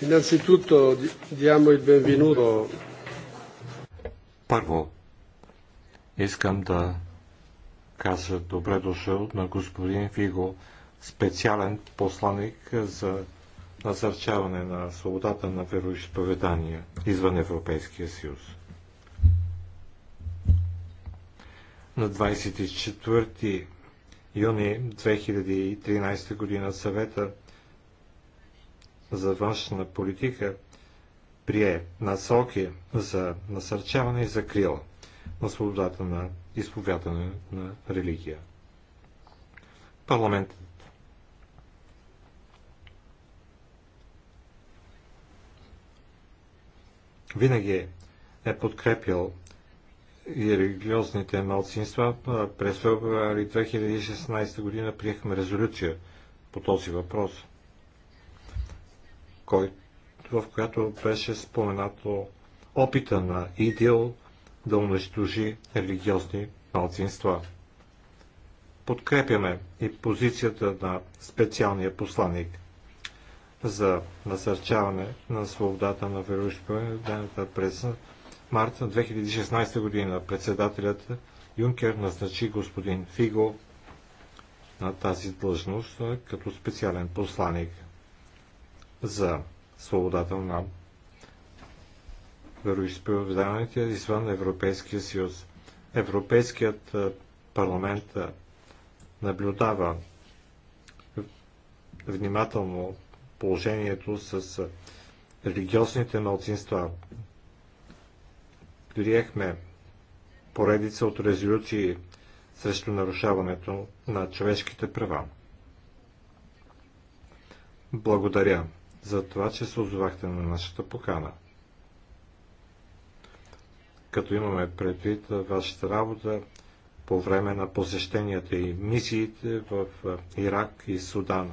Innanzitutto diamo il benvenuto. Първо, искам да кажа добре дошъл на господин Фиго, специален посланник за насърчаване на свободата на вероисповедания извън Европейския съюз. На 24 юни 2013 година съвета за външна политика прие насоки за насърчаване и закрила на свободата на изповядане на религия. Парламентът винаги е подкрепил и религиозните малцинства. През февруари 2016 година приехме резолюция по този въпрос – кой, в която беше споменато опита на ИДИЛ да унищожи религиозни малцинства. Подкрепяме и позицията на специалния посланник за насърчаване на свободата на вероисповеданията през марта 2016 година. Председателят Юнкер назначи господин Фиго на тази длъжност като специален посланник – за свободата на вероисповеданите извън Европейския съюз. Европейският парламент наблюдава внимателно положението с религиозните младсинства. Приехме поредица от резолюции срещу нарушаването на човешките права. Благодаря за това, че се озовахте на нашата покана. Като имаме предвид вашата работа по време на посещенията и мисиите в Ирак и Судана.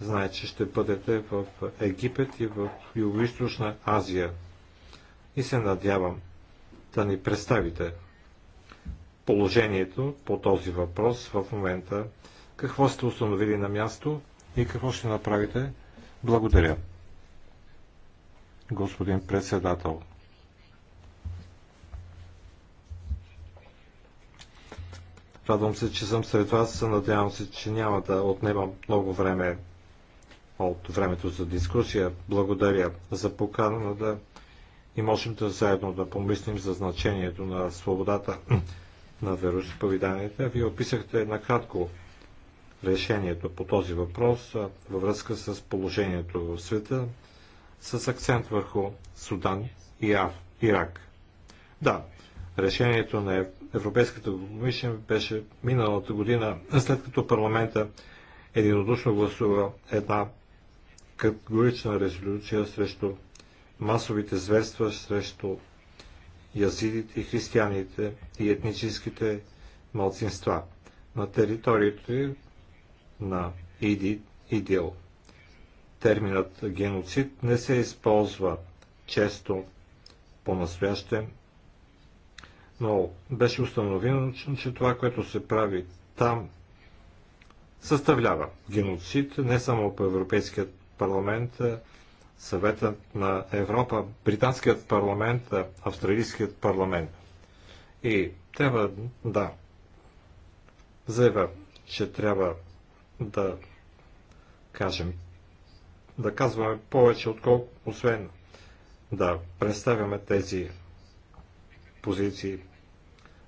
Знае, че ще бъдете в Египет и в юго Азия и се надявам да ни представите положението по този въпрос в момента, какво сте установили на място и какво ще направите благодаря. Господин председател, Радвам се, че съм сред вас. Надявам се, че няма да отнемам много време от времето за дискусия. Благодаря за поканата и можем да заедно да помислим за значението на свободата на вероисповеданията. Вие описахте накратко решението по този въпрос във връзка с положението в света, с акцент върху Судан и Ирак. Да, решението на Европейската комисия беше миналата година, след като парламента единодушно гласува една категорична резолюция срещу масовите зверства срещу язидите и християните и етническите малцинства на териториите, на иди ИДИЛ. Терминът геноцид не се използва често по-настояще, но беше установено, че това, което се прави там, съставлява геноцид не само по Европейският парламент, Съветът на Европа, Британският парламент, Австралийският парламент. И трябва да заявя, че трябва да кажем, да казваме повече, отколко, освен да представяме тези позиции.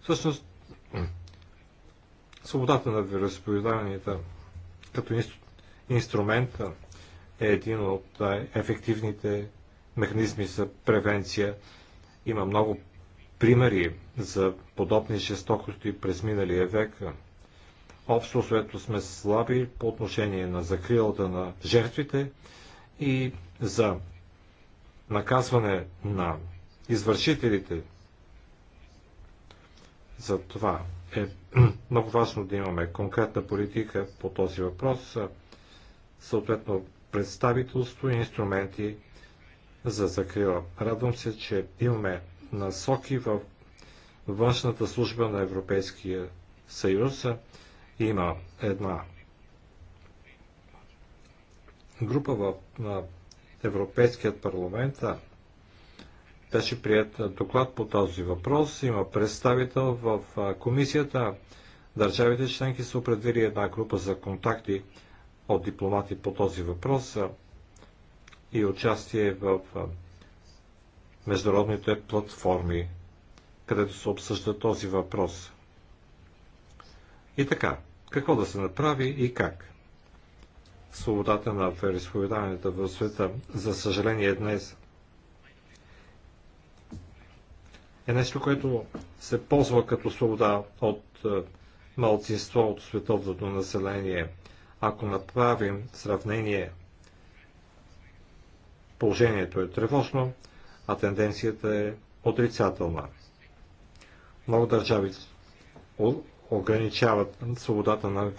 Всъщност, свободата на вероисповеданията като инструмент е един от ефективните механизми за превенция. Има много примери за подобни жестокости през миналия век. Общо след сме слаби по отношение на закрилата на жертвите и за наказване на извършителите. За това е много важно да имаме конкретна политика по този въпрос, съответно представителство и инструменти за закрила. Радвам се, че имаме насоки в външната служба на Европейския съюз има една група в Европейският парламент беше прият доклад по този въпрос. Има представител в комисията. Държавите членки са определили една група за контакти от дипломати по този въпрос и участие в международните платформи, където се обсъжда този въпрос. И така, какво да се направи и как. Свободата на вероисповеданията в света, за съжаление днес, е нещо, което се ползва като свобода от е, малцинство от световното население. Ако направим сравнение, положението е тревожно, а тенденцията е отрицателна. Много държави ограничават свободата на